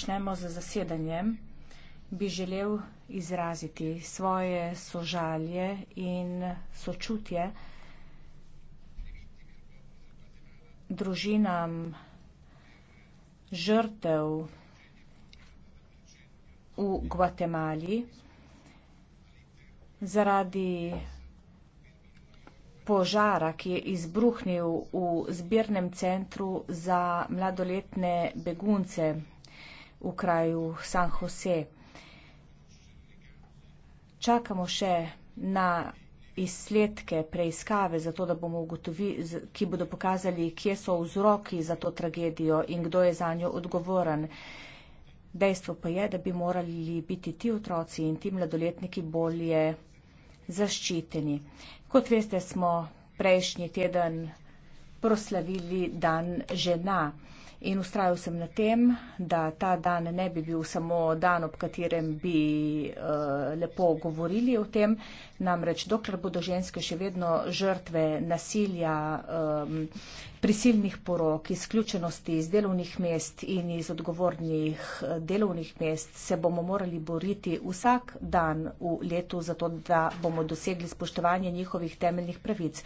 začnemo z zasedanjem, bi želel izraziti svoje sožalje in sočutje družinam žrtev v Gvatemali zaradi požara, ki je izbruhnil v zbirnem centru za mladoletne begunce v kraju San Jose. Čakamo še na izsledke preiskave, zato, ki bodo pokazali, kje so vzroki za to tragedijo in kdo je za njo odgovoren. Dejstvo pa je, da bi morali biti ti otroci in ti mladoletniki bolje zaščiteni. Kot veste, smo prejšnji teden proslavili dan žena. In ustrajal sem na tem, da ta dan ne bi bil samo dan, ob katerem bi uh, lepo govorili o tem. Namreč, dokler bodo ženske še vedno žrtve nasilja, um, prisilnih porok, izključenosti iz delovnih mest in iz odgovornih eh, delovnih mest, se bomo morali boriti vsak dan v letu za to, da bomo dosegli spoštovanje njihovih temeljnih pravic.